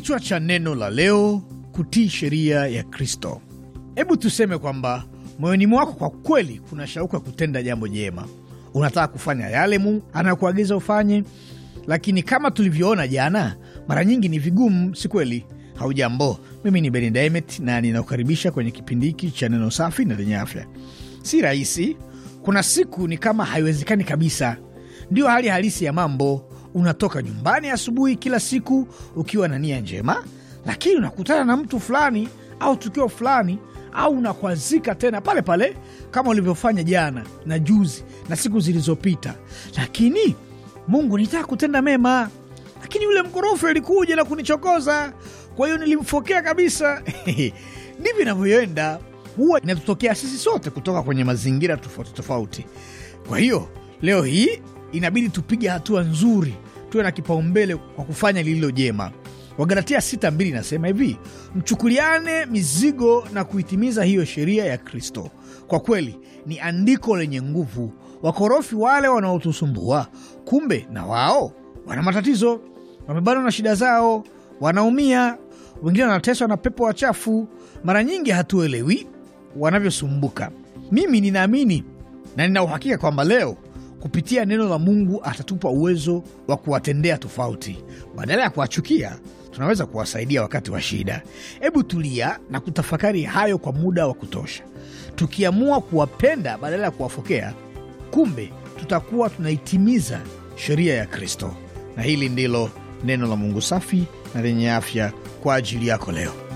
Kichwa cha neno la leo: kutii sheria ya Kristo. Hebu tuseme kwamba moyoni mwako kwa kweli kuna shauku ya kutenda jambo jema, unataka kufanya yale Mungu anayokuagiza ufanye, lakini kama tulivyoona jana, mara nyingi ni vigumu, si kweli? Haujambo, mimi ni Beni Dimet na ninakukaribisha kwenye kipindi hiki cha neno safi na lenye afya. Si rahisi, kuna siku ni kama haiwezekani kabisa. Ndiyo hali halisi ya mambo unatoka nyumbani asubuhi kila siku ukiwa na nia njema, lakini unakutana na mtu fulani au tukio fulani au unakwazika tena pale pale kama ulivyofanya jana na juzi na siku zilizopita, lakini Mungu, nitaka kutenda mema, lakini yule mkorofi alikuja na kunichokoza, kwa hiyo nilimfokea kabisa. Ndivyo inavyoenda, huwa inatutokea sisi sote kutoka kwenye mazingira tofauti tofauti. Kwa hiyo leo hii inabidi tupige hatua nzuri, tuwe na kipaumbele kwa kufanya lililo jema. Wagalatia 62 inasema hivi: mchukuliane mizigo na kuitimiza hiyo sheria ya Kristo. Kwa kweli ni andiko lenye nguvu. Wakorofi wale wanaotusumbua, kumbe na wao wana matatizo, wamebanwa na shida zao, wanaumia. Wengine wanateswa na pepo wachafu. Mara nyingi hatuelewi wanavyosumbuka. Mimi ninaamini na nina uhakika kwamba leo kupitia neno la Mungu atatupa uwezo wa kuwatendea tofauti. Badala ya kuwachukia, tunaweza kuwasaidia wakati wa shida. Hebu tulia na kutafakari hayo kwa muda wa kutosha. Tukiamua kuwapenda badala ya kuwafokea, kumbe tutakuwa tunaitimiza sheria ya Kristo. Na hili ndilo neno la Mungu safi na lenye afya kwa ajili yako leo.